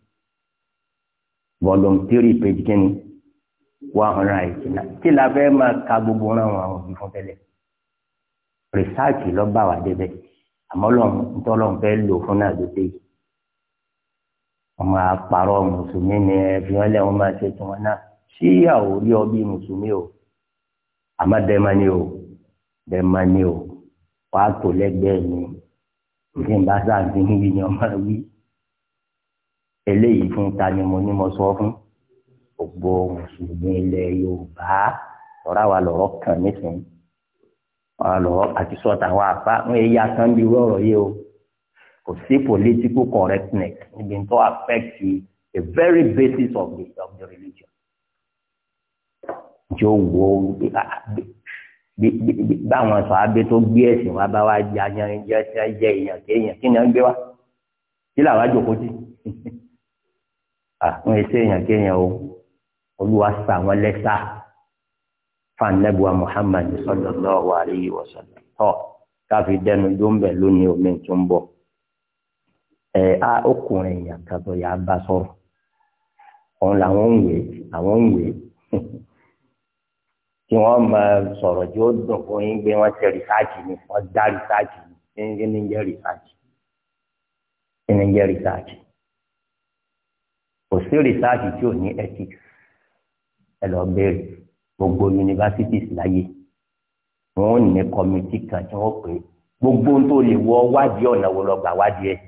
volume three page kínní one hundred and eighty nine kí la fẹ́ máa ka gbogbo ọ̀ràn wọn àwọn òbí fún tẹ́lẹ̀ rìsáàkì lọ bá wà débẹ̀ àmọ́ lọ́n tọ́lọ́n fẹ́ lò fún náà ló dé yìí ọmọ àpàrọ̀ mùsùlùmí ni ẹ̀fìn ọ̀lẹ́ wọn máa ṣe tiwọn náà sí ìyàwó rí ọ mùsùlùmí o àmọ́ dẹ́ẹ̀mà ni o dẹ́ẹ̀mà ni o wàá tò lẹ́gbẹ̀ẹ́ ni ìdí ìbáṣà ti ń wí ni ọmọ wí eléyìí fún ta ni mo ní mo sọ fún gbogbo mùsùlùmí ilẹ̀ yorùbá ọ̀rá wa lọ̀rọ̀ kàn nísìnyí ọ̀rá lọ̀rọ̀ àti sọ́ọ̀tà wa àpá ń yẹ ya kan bí ọ̀rọ̀ yìí o kò sí political correctness níbi tó affect the very basis of the of the religion. jọ wo báwọn sọ abẹ tó gbé ẹ̀sìn wa bá wa jẹ ayan jẹ jẹ èèyàn kéèyàn kí ni wọn gbé wa kí làwọn àjòkó ti àwọn ẹsẹ èèyàn kéèyàn o olúwa sa àwọn lẹ́sà fan nẹ́bùwà Muhammad sallallahu alayhi wa sallam tọ́ káfí dẹnu dóńbẹ̀ lónìí omi tó ń bọ̀ ẹ̀ á ọkùnrin yàn kàtọ́ yà á bá sọ̀rọ̀ òun làwọn ń wé àwọn ń wé tí wọ́n máa sọ̀rọ̀ tí ó dùn fún yín gbé wọ́n ṣe rìsáàjì ni wọ́n dá rìsáàjì ni kí ni jẹ́ rìsáàjì kí ni jẹ́ rìsáàjì kò sí rìsáàjì tí ò ní ethics ẹ lọ béèrè gbogbo universities láyé wọn ò ní kọmitì kan tí wọn pè é gbogbo tó lè wọ wádìí ọ̀nà wo lọ gbà wádìí ẹ̀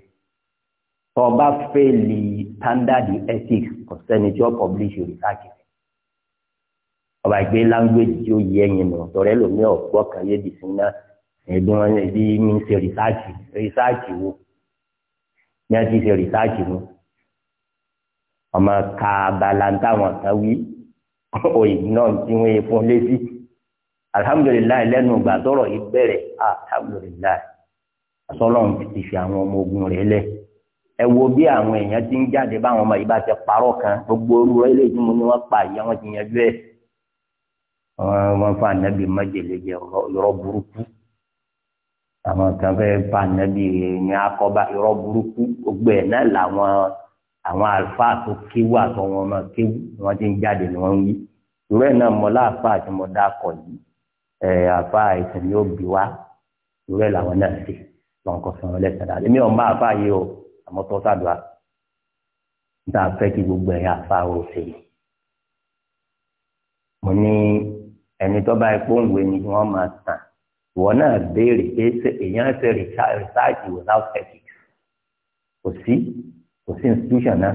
tó o bá fẹ́ẹ̀lì standard ethics kò sẹ́ni tí ó publish research rẹ̀ ọba ìgbé language tí ó yẹ ẹyin nù tọ̀rẹ́ lómi ọ̀pọ̀ kan yé di sí náà ẹ̀dùn wọn ẹbí mi ṣe research research wo ní a ti ṣe research mu ọmọ ká abala táwọn kan wí òyìnbó náà tí wọ́n yẹ fún létí alihamudulilayi lẹ́nu ìgbà tọrọ yìí bẹ̀rẹ̀ alihamudulilayi asọ́lọ́n ti fi àwọn ọmọ ogun rẹ̀ lẹ̀ ẹ wo bí àwọn èèyàn ti ń jáde báwọn ọmọ yìí bá ti parọ́ kan gbogbo orú rẹ̀ lè dúró ni wọ́n pa ìyá wọn ti yanjú ẹ̀ wọ́n fa ànábì májèlé jẹ burúkú àwọn kan fẹ́ fa ànábì ní akọba irọ́ burúkú gbogbo náà làwọn àwọn àlùfáà tó kéwú àtọwọn ọmọ kéwú wọn ti ń jáde ni wọn ń wí ìró ẹ̀ náà mọ láàfáà tí mo dákọ̀ yìí ẹ̀ àfáà ìsìn yóò bí wá ìró làwọn náà ṣe lọ́n kọ́ fún wọn lẹ́sẹ̀ dáadáa èmi ọ̀n bá yìí o àmọ́ tó sàdùà níta fẹ́ kí gbogbo ẹ̀yà àfáà ó ṣe mo ní ẹni tó bá epo ń wé ni wọ́n máa tàn ìwọ náà béèrè pé èèyàn ṣe rìsáàjì without ethics kò sí kò sí institution náà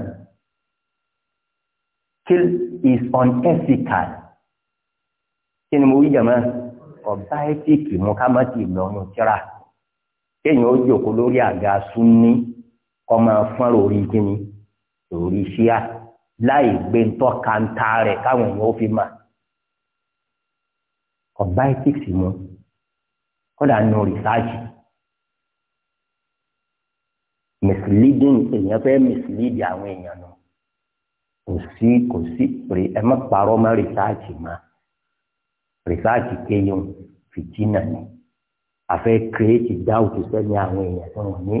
kill is unethical kí ni mo wí jàmọ́ ọ̀bá ẹ́tíìkì mú ká má ti lọ́nu tíra kéèyàn ó jókòó lórí àga súnní kọ́ máa fọ́n lórí kíni lórí ṣíà láì gbé ńtọ́ kanta rẹ̀ káwọn èèyàn ó fi mà ọ̀bá ẹ́tíìkì mú kọ́dà nù rìsáàjì misleading èèyàn fẹ́ mislead àwọn èèyàn nù kò sí kò sí rè ẹ má parọ́ má rìsáàjì má rìsáàjì kéyìn fìtínà ni àfẹ́ create doubt sẹ́ni àwọn èèyàn tó wọ́n ní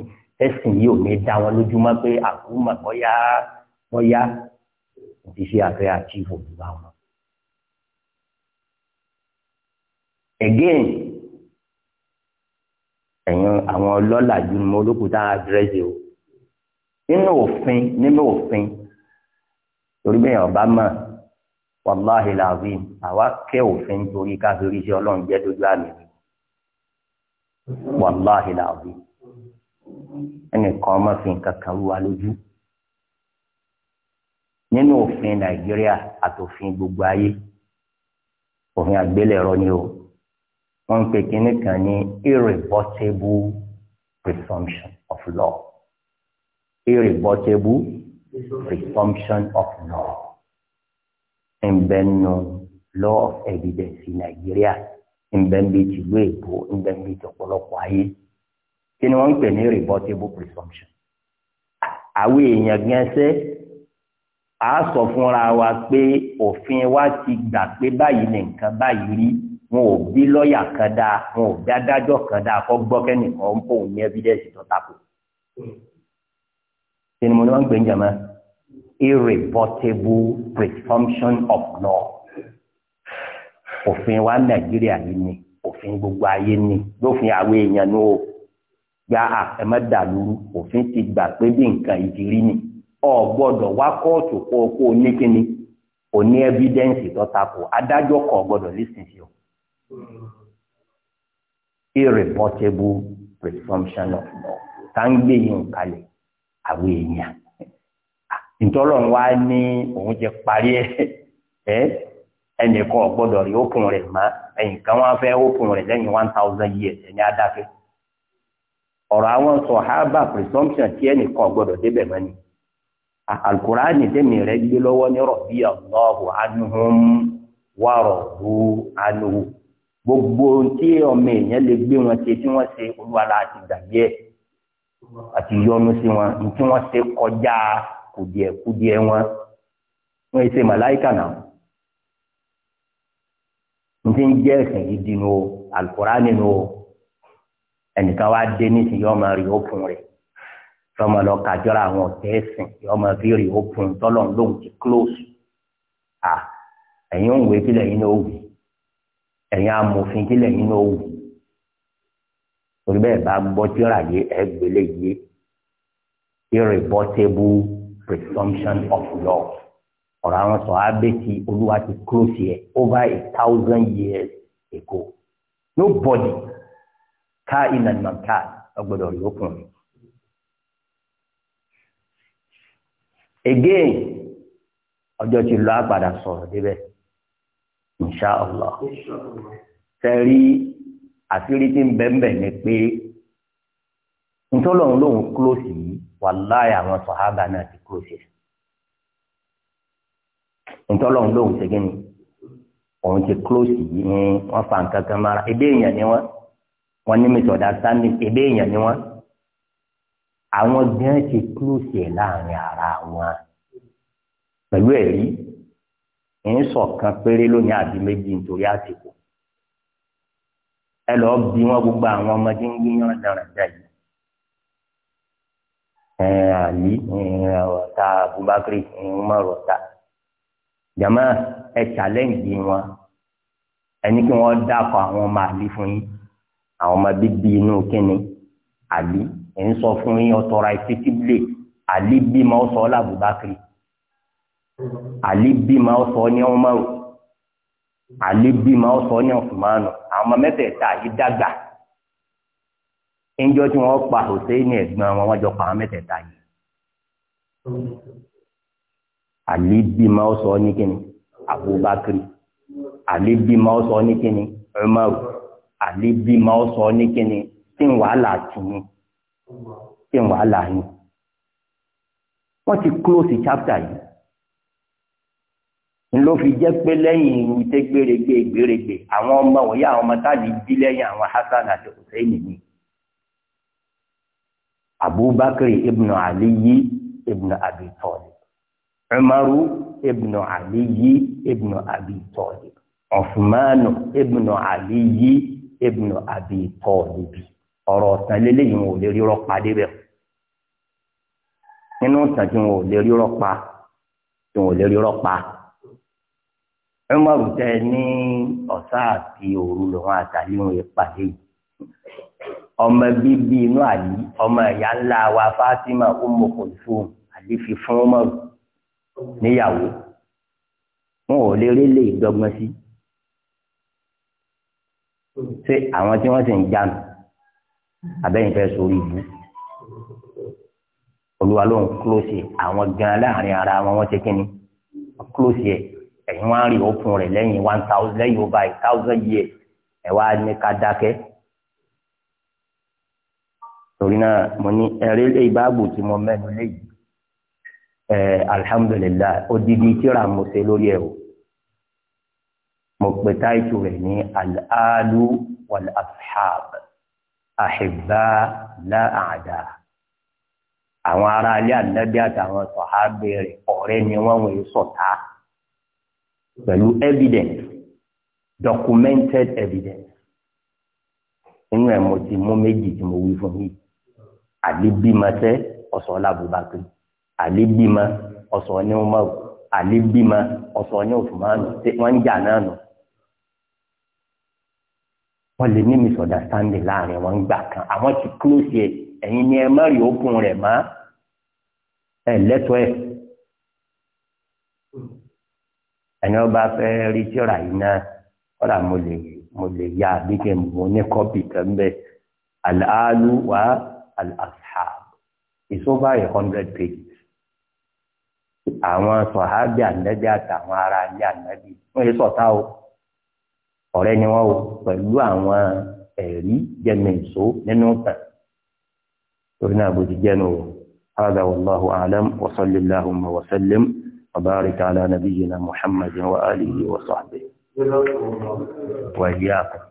ẹ̀sìn yìí ò ní dá wọn lójúmọ́ pé àkúmọ̀ bọ́yá bọ́yá ti ṣe àfẹ́ achieve òdùbà wọn. again ẹ̀yin àwọn ọlọ́lá ju mọ olókùúta àdírẹ́sì o nínú òfin nínú òfin torí bẹ́ẹ̀ ọba mọ̀ wàláhì làwí àwa kẹ́ òfin nítorí káfíńsì iṣẹ́ ọlọ́run jẹ́ dojú àmì wàláhì làwí ẹnìkan ọmọ fi nǹkan kan wá lójú nínú òfin nàìjíríà àtòfin gbogbo ayé òfin àgbélẹ̀rọ ni o wọ́n ń pè kínní kan ní irrebuttable presumption of law irrebuttable presumption of law ìbẹ̀nu law of evidence nàìjíríà ìbẹ̀nbi tìlú èkó ìbẹ̀nbi tọ̀pọ̀lọpọ̀ ayé kí ni wọ́n ń pè ní irrebuttable presumption àwọn èèyàn gẹ́sẹ́ a sọ fúnra wa pé òfin wa ti gbà pé báyìí ní nǹkan báyìí rí wọn ò bí lọ́ọ̀yà kan dáa wọn ò bí adájọ́ kan dáa kọ́ gbọ́ kẹ́nìkan ń bò evidence tó takò. kí mo ní wọ́n ń gbé ń jàmá irrebuttable presumption of law òfin wa nàìjíríà yìí ni òfin gbogbo ayé ni lófin àwọn èèyàn ní o gba àfẹmẹdàlúrú òfin ti gbà pé bí nǹkan ìdírí ni ọ gbọ́dọ̀ wá kóòtù kó o kó o ní kíni o ní evidence tó takò adájọ́ kan gbọ́dọ̀ lísìn sí o. irreportable presumption of law tá ń gbé yìí kalẹ̀ àwọn èèyàn ntọ́lọ́run wá ní òun jẹ parí ẹ ẹnìkan ọ̀gbọ́dọ̀ rí ókun rẹ̀ mọ́ ẹ̀yìn kan wá fẹ́ ókun rẹ̀ lẹ́yìn one thousand years ẹni adáfẹ́ presumption tí ẹnìkan ọ̀gbọ́dọ̀ débẹ̀ mọ́ ni alukurani tẹ̀mí rẹ̀ gbé lọ́wọ́ ní rọ̀bí Allahu anuhum wàrọ̀ hu anuhu gbogbo tí ọmọ èèyàn lè gbé wọn ṣe tí wọn ṣe olúwa la ti gbàgbé ẹ àti yọ́nú sí wọn ní tí wọn ṣe kọjá kùdìẹ̀kùdìẹ̀ wọn wọn ṣe màláìkà náà ní tí ń jẹ ẹsìn yìí dínú o alukóra nínú o ẹnìkan wá dé nísìnyí ọmọ rẹ ó fún rẹ tọmọ lọ kájọra àwọn ọ̀tẹ̀ ẹsìn ọmọ bí rẹ ó fún tọlọ lóhùn ti close à ẹ̀yin òun wé kílẹ̀ yín ló wù í ẹ̀yin amòfin kí lẹ́yìn náà wù torí bẹ́ẹ̀ bá gbọ́ tíra yé ẹgbẹ́lẹ́ yé irrebuttable presumption of law ọ̀rọ̀ àwọn sọ abẹ́tì olúwa ti close yẹ over a thousand years ago nobody ká ìlànà màkà ọgbọ́dọ̀ lókun. again ọjọ́ ti lọ àgbàdà sọ̀rọ̀ débẹ̀. insha allah sẹ́rí àṣírí tí ń bẹ́ẹ̀ ni pé ntọ́lọ́run lòun kúlóòsì yìí wàláyà àwọn sọ̀hábà náà ti kúlóòsì rẹ̀ ntọ́lọ́run lòun ṣe gíní òun ti kúlóòsì yìí ni wọ́n fa nǹkan kan mara ebe èèyàn ni wọ́n wọ́n ní mìtọ́dá sáni ebe èèyàn ni wọ́n àwọn gan ti kúlóòsì ẹ̀ láàrin ara wọn pẹ̀lú ẹ̀rí ń sọ̀kan péré lónìí àbí méjì nítorí àsìkò ẹ lọ́ọ́ bí wọ́n gbogbo àwọn ọmọdé ń gbìyànjú dáradára yìí ali ọ̀tá abubakari umar ọ̀tá jama ẹ challenge wọn ẹni kí wọn dákọ àwọn ọmọ àlè fún yín àwọn ọmọ bíbí inú kínní àlè ẹ ń sọ fún yín authoritatively àlè bímọ sọ ọ lábùbákiri àlí bímọ ọsọ ní Umaru àlí bímọ ọsọ ní Usmanu àwọn mẹ́tẹ̀ẹ̀ta yìí dàgbà ẹnjọ tí wọ́n pa Hùsẹ́ẹ̀nì ẹ̀gbọ́n wọn wọ́n jọ pa àwọn mẹ́tẹ̀ẹ̀ta yìí àlí bímọ ọsọ ní kíni Abubakari àlí bímọ ọsọ ní kíni Umaru àlí bímọ ọsọ ní kíni tí ń wàhálà tì ní tí ń wàhálà yìí wọ́n ti close chapter yìí ló fi jẹ́ pé lẹ́yìn irú tẹ́ gbèrègbè gbèrègbè àwọn ọmọ wọ̀nyí àwọn ọmọ táàdì bí lẹ́yìn àwọn Hasan àti Hussein ni Abubakar ibn Aliyi ibn Abi Talib Umaru ibn Aliyi ibn Abi Talib Osmanu ibn Aliyi ibn Abi Talib ọ̀rọ̀ ọ̀sán lélẹ́yìn wọn ò lè rí rọ́pa débẹ̀ nínú ìtàn tí wọn ò lè rí rọ́pa tí wọn ò lè rí rọ́pa ẹmọrù tẹ ní ọ̀sán àti òru lòun àtàlẹ́ òun yẹn pàdé yìí ọmọ bíbí inú àlí ọmọ ìyá ńlá wa Fatima Ummu Kulthum àlí fi fún ọmọrù níyàwó wọn ò lè rí lè dọ́gbọ́n sí ṣé àwọn tí wọ́n sì ń jánu abẹ́yìn fẹ́ sórí ìlú olúwa ló ń kúrò sí àwọn gan láàrin ara wọn wọ́n ṣe kínní kúrò sí ẹ̀ ẹ̀yin wá ń rí òkun rẹ̀ lẹ́yìn one thousand lẹ́yìn over a thousand years ẹ̀ wá ní ká dákẹ́. torí náà mo ní ẹ̀rí lé ìbáàbò tí mo mẹ́nu léyìí ẹ̀ alhamdulillah odidi tíra mo ṣe lórí ẹ̀ o mo pe táìtù rẹ̀ ní al-alu wal-ashab ahibba la àwọn ará ilé ànábì àtàwọn sọ̀hábẹ́ ọ̀rẹ́ ni wọ́n wọ̀nyí sọ̀tá. So pẹ̀lú evidence documented evidence inú ẹ̀ mo ti mú méjì tí mo wí fún yìí àlébímọsẹ ọsọ làbúbákiri àlébímọ ọsọ ní umaru àlébímọ ọsọ ní osùmánu tí wọn ń jà náà nù wọn lè ní misunderstanding láàrin wọn gbà kan àwọn ti close yẹ ẹ̀yin ni ẹ má rí okun rẹ̀ mọ́ ẹ lẹ́tọ̀ọ́ ẹ̀. ẹni ọba fẹ́ rí tíra yìí náà kọ́dà mo lè mo lè ya àbí kí n mo ní kọ́pì kan bẹ́ẹ̀ al-alu wa al-ashab it's over a hundred pages àwọn sọ̀hábì ànábì àtàwọn ará ilé ànábì wọ́n yẹ sọ̀tá o ọ̀rẹ́ ni wọ́n o pẹ̀lú àwọn ẹ̀rí jẹ́mi nínú tàn torí náà bó ti jẹ́nu o. هذا والله أعلم وصلى اللهم وسلم وبارك على نبينا محمد وآله وصحبه وإياكم